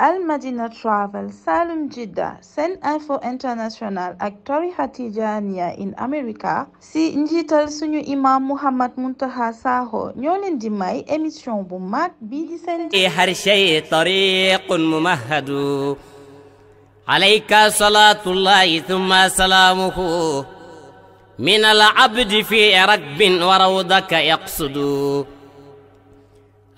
Al Madina Travel Salum Jidda SeneInfo International ak tarixa Tijaaniya in America si njiital suñu imam Muhammad Muntaqa Sakho ñoo leen di may émission bu mag bii di seen har shay tariqun mumahhadu alayka salaatullahi thumma salaamuhu min al abdi fi ragbin wa rawdaka yaqsudu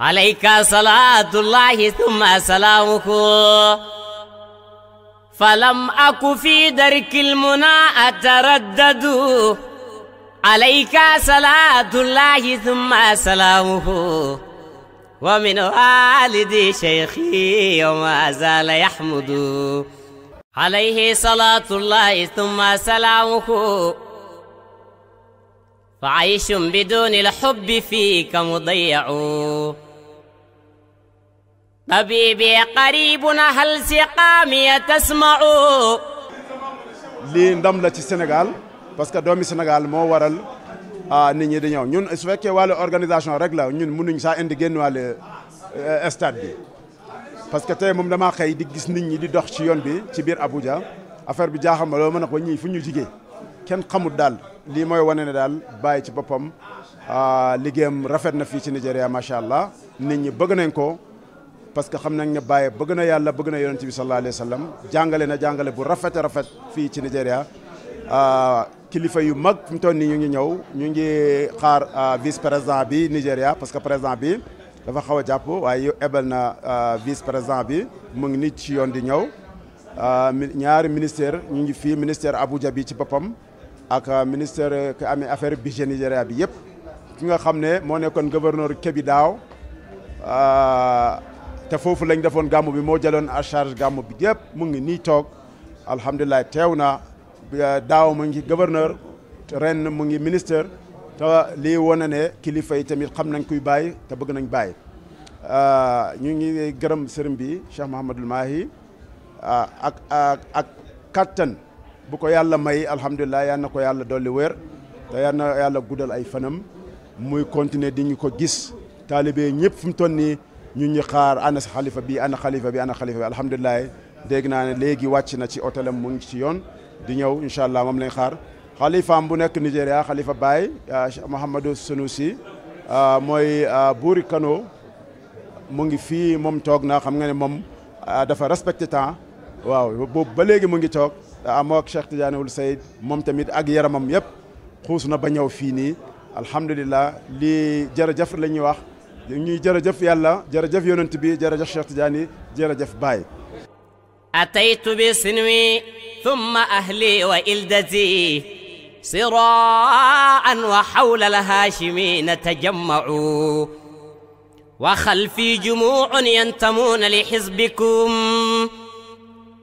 عليك صلاة الله ثم سلامك فلم أك في درك المنى أتردد عليك صلاة الله ثم سلامه ومن والدي شيخي وما زال يحمد عليه صلاة الله ثم سلامه فعيش بدون الحب فيك مضيع طبيبي قريب هل سقامي تسمع lii ndam la ci senegal parce que doomi Sénégal moo waral ah, nit ñi di ñëw ñun su fekkee wàllu organisation rek la ñun mënuñ saa indi génn wàllu eh, stade bi parce que tey moom damaa xëy di gis nit ñi di dox ci yoon bi ci biir Abuja affaire bi jaaxal ma loo mën a ko ñii fu ñu jigee kenn xamut daal lii mooy wane ne daal bàyyi ci boppam ah, liggéeyam rafet na fii ci Nigéria macha allah nit ñi bëgg nañ ko parce que xam nañ ne bëgg na yàlla bëgg na yonent bi sallallahu alayhi wa sallam jàngale na jàngale bu rafet rafet fii ci Nigéria ah, kilifa yu mag fi mu toll ñu ngi ñëw ñu ngi xaar ah, vice président bi Nigéria parce que président bi dafa xaw a jàpp waaye yu ebal na ah, vice président bi mu ngi nit ci yoon di ñëw ñaari ministère ñu ngi fii ministère Abuja bi ci boppam ak ministère ki amee affaire budget Nigéria bi yëpp ki nga xam ne moo nekkoon gouverneur Kebbi daaw. te foofu lañ defoon gàmmu bi moo jaloon a charge gàmmu bi yëpp mu ngi nii toog alhamdulilah teew na daaw mu ngi gouverneur ren mu ngi ministre te lii wane ne kilifa yi tamit xam nañ kuy bàyyi te bëgg nañ bàyyi. ñu ngi gërëm sëriñ bi Cheikh Mouhamadul Mahi ak ak ak kattan bu ko yàlla may alhamdulilah yal na ko yàlla dolli wér te yal na yàlla guddal ay fanam muy continuer di ñu ko gis taalibe ñëpp fu mu toll nii. ñu ñi xaar ana xalifa bi ana bi ana xalifa bi alhamdulilah dégg naa ne léegi wàcc na ci hôtelam mu ngi ci yoon di ñëw incha allah moom lañ xaar xalifaam bu nekk Nigéria xalifa Baye ah, Mouhamadou Sunusi ah, mooy ah, buuri Kano mu ngi fii moom toog na xam nga ne moom dafa respecté temps waaw boobu ba léegi mu ngi toog moo ak Cheikh Tidiane moom tamit ak yaramam yëpp xuus na ba ñëw fii nii alhamdulilah lii jërëjëf la ñuy wax. ñuy jërëjëf yàlla jërëjëf yonent bi jërëjëf Cheikh Tidiane jërëjëf Baye. ataytu bi sinwi thumma ahli wa ildazi siraan wa xawla alhaashimiina tajammacu wa xalfi jumuucun yantamuuna li xisbikum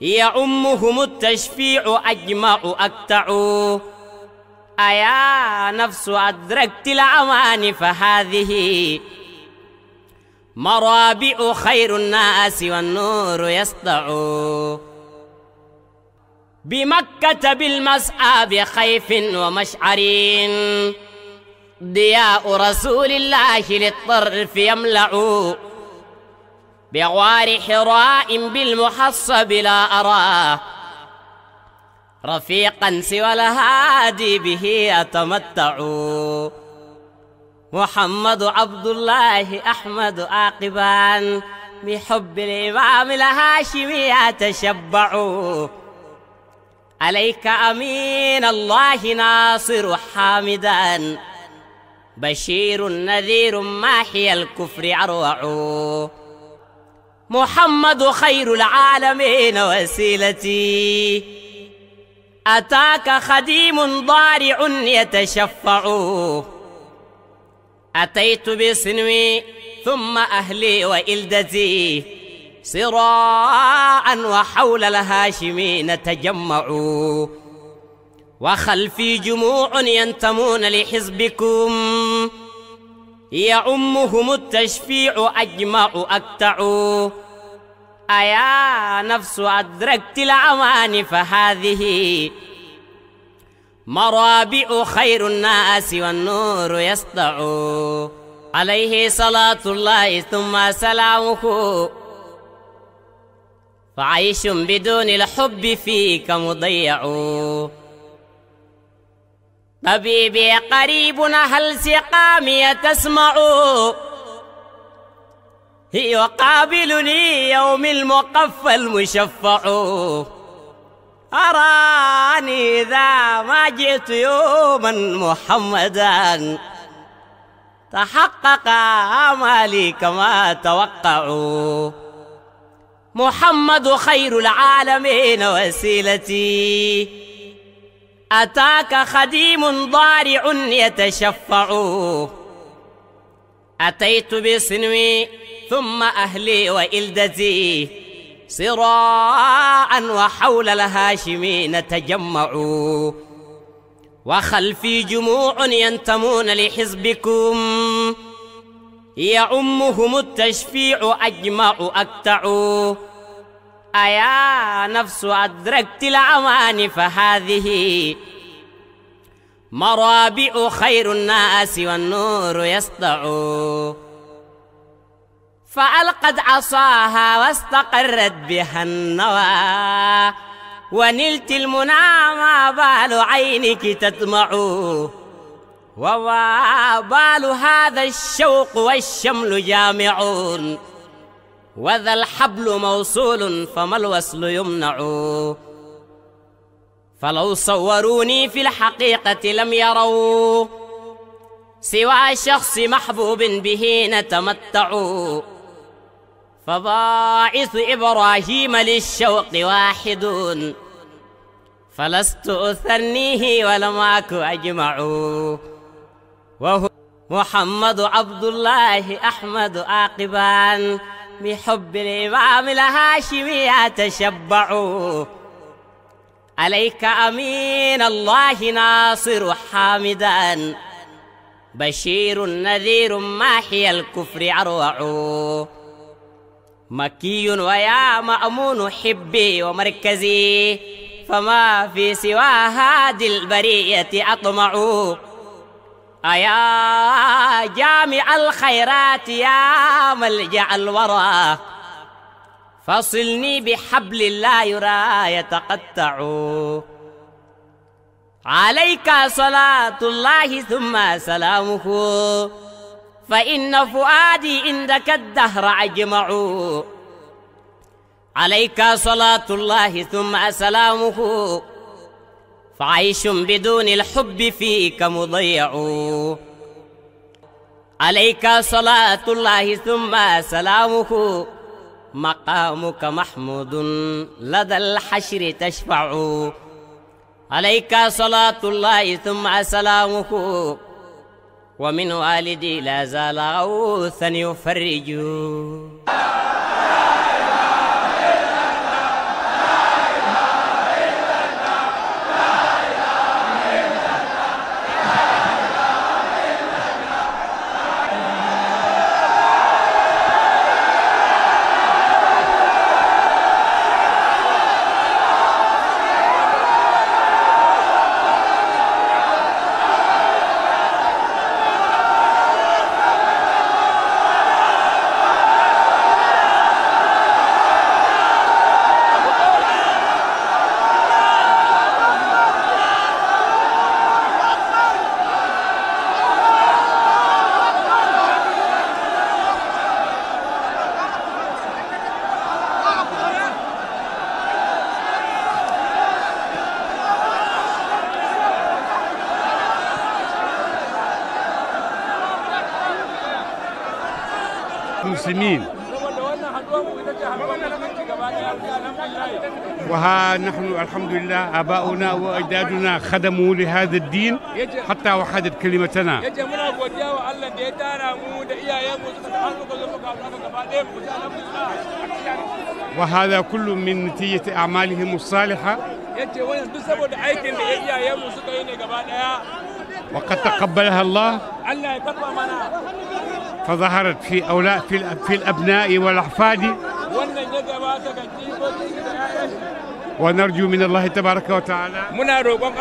يعمهم التشفيع أجمع أكتع أيا نفس أدركت الأمان فهذه مرابع خير الناس والنور يسطع بمكة بالمسعى خيف ومشعر ضياء رسول الله للطرف يملع بغوار حراء بالمحصب لا أراه رفيقا سوى الهادي به أتمتع محمد عبد الله أحمد عاقبان بحب الإمام الهاشمي تشبع عليك أمين الله ناصر حامدا بشير نذير ماحي الكفر أروع محمد خير العالمين وسيلتي أتاك خديم ضارع يتشفع أتيت بسنوي ثم أهلي وإلدتي صراعا وحول الهاشمين تجمعوا وخلفي جموع ينتمون لحزبكم يعمهم التشفيع أجمع أكتعوا أيا نفس أدركت الأمان فهذه مرابع خير الناس والنور يسطع عليه صلاة الله ثم سلامه فعيش بدون الحب فيك مضيع طبيبي قريب هل سقامي تسمع يقابلني يوم المقفى المشفع أراني إذا ما جئت يوما محمدا تحقق آمالي كما توقعوا محمد خير العالمين وسيلتي أتاك خديم ضارع يتشفع أتيت بصنوي ثم أهلي وإلدتي سراعا وحول الهاشمين تجمعوا وخلفي جموع ينتمون لحزبكم يعمهم التشفيع أجمع أكتعوا أيا نفس أدركت الأمان فهذه مرابع خير الناس والنور يسطع فألقت عصاها واستقرت بها النوى ونلت المنى ما بال عينك تدمع وما بال هذا الشوق والشمل جامع وذا الحبل موصول فما الوصل يمنع فلو صوروني في الحقيقة لم يروا سوى شخص محبوب به نتمتع فباعث إبراهيم للشوق واحد فلست أثنيه ولم أك أجمع وهو محمد عبد الله أحمد عاقبا بحب الإمام الهاشمي أتشبع عليك أمين الله ناصر حامدا بشير نذير ماحي الكفر أروع مكي ويا مأمون حبي ومركزي فما في سوى هذه البرية أطمع أيا جامع الخيرات يا ملجأ الورى فصلني بحبل لا يرى يتقطع عليك صلاة الله ثم سلامه fa inna fuaadi indaka dahra ajmau alayka salaatu llahi thumma salaamuhu fa ayshun biduuni lxubbi fiika mudayacu alayka salaatu llahi thumma salaamuhu maqaamuka mahmuudun lada alxashri tashfacu alayka salaatu llahi thumma salaamuhu ومن والدي لا زال غوثا يفرج المسلمين وها نحن الحمد لله آباؤنا وأجدادنا خدموا لهذا الدين حتى وحدت كلمتنا وهذا كل من نتيجة أعمالهم الصالحة وقد تقبلها الله فظهرت في أولاد في في الأبناء والأحفاد ونرجو من الله تبارك وتعالى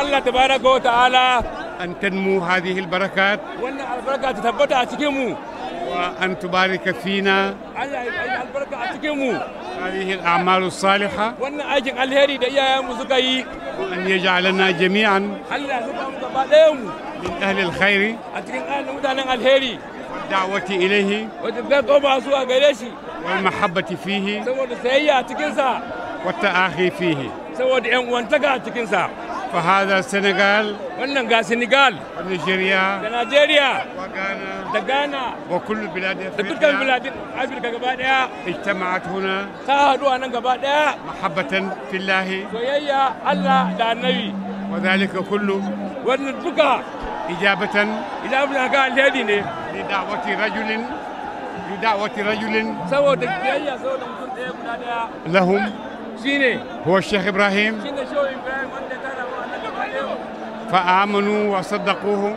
الله تبارك وتعالى أن تنمو هذه البركات وأن تبارك فينا هذه الأعمال الصالحة وأن يجعلنا جميعا من أهل الخير da'wati ilayhi wata dakoma zuwa gare shi wal mahabbati fihi saboda sayayya a cikin sa wata akhi fihi saboda yan fa hada senegal wannan ga senegal wa nigeria da nigeria wa ghana da ghana wa kullu biladi da dukkan biladin huna ta haɗu a nan gaba daya mahabbatan fillahi allah da annabi wa dhalika kullu wannan duka ijabatan ijabatan ga alheri ne li da'wati rajulin li da'wati rajulin saboda biyayya saboda mutum ɗaya guda daya lahum shine huwa Sheikh Ibrahim shine Sheikh Ibrahim wanda ta rabu annabi فآمنوا وصدقوه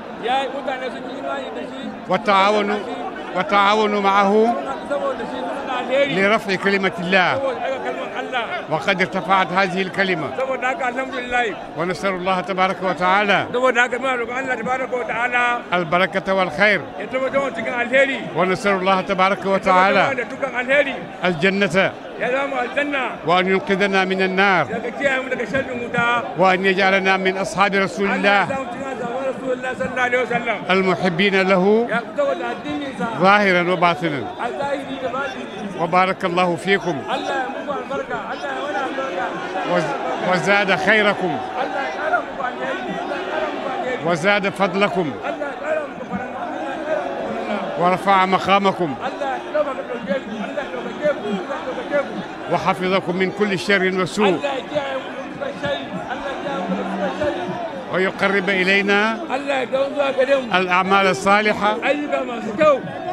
وتعاونوا وتعاونوا معه لرفع كلمة الله وقد ارتفعت هذه الكلمة ونسأل الله تبارك وتعالى البركة والخير ونسأل الله تبارك وتعالى الجنة وأن ينقذنا من النار وأن يجعلنا من أصحاب رسول الله المحبين له ظاهرا وباطنا وبارك الله فيكم وزاد خيركم وزاد فضلكم ورفع مقامكم وحفظكم من كل شر وسوء ويقرب إلينا الأعمال الصالحة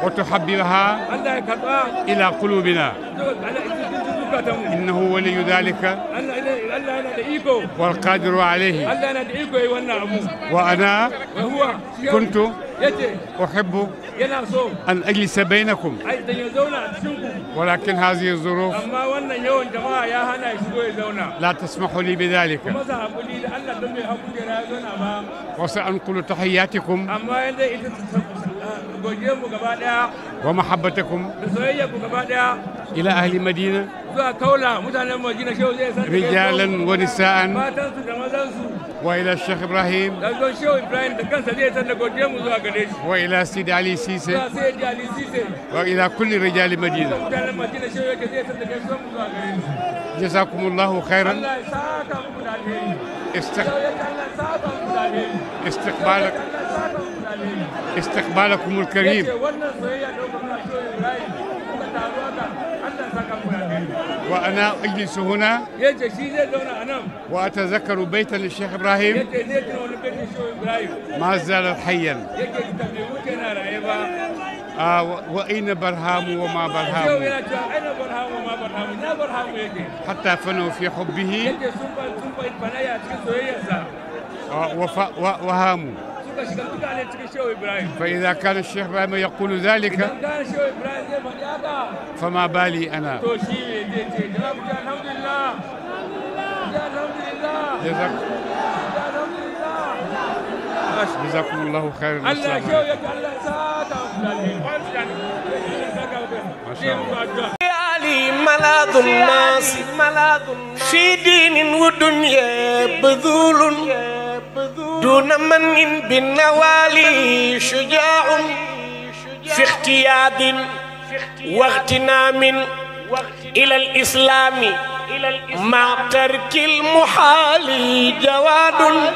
وتحببها إلى قلوبنا إنه ولي ذلك والقادر عليه وأنا كنت أحب أن أجلس بينكم ولكن هذه الظروف لا تسمح لي بذلك وسأنقل تحياتكم godiyarku gaba daya wa mahabbatakum da soyayyarku gaba daya ila ahli madina zuwa kaula mutanen madina shehu zai san rijalan wa nisaan matansu da mazansu wa ila sheikh ibrahim da zo shehu ibrahim da kansa zai san da godiyarmu zuwa gare shi wa ila sidi ali sise zuwa sidi ali sise wa ila kulli rijali madina mutanen madina shehu yake zai san da godiyarmu zuwa gare shi jazakumullahu khairan Allah ya saka muku da alheri استقبالك استقبالكم الكريم وأنا أجلس هنا وأتذكر بيتا للشيخ إبراهيم ما زال حيا آه وأين برهام وما برهام حتى فنوا في حبه وهاموا فإذا كان الشيخ إبراهيم يقول ذلك فما بالي أنا جزاكم الله خيرا ما شاء الله ملاذ الناس في دين ودنيا بذول بذول دون من بالنوالي شجاع في اغتياب واغتنام إلى الإسلام مع ترك المحال جواد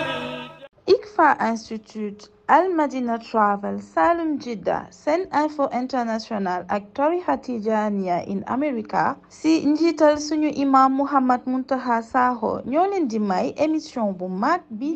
ICFA Institute Al Madina Travel Salum Jidda Sen Info International ak tarixa Tijaaniya in America si njiital suñu imam Mouhamed Muntaha Sakho ñoo di may émission bu mag bi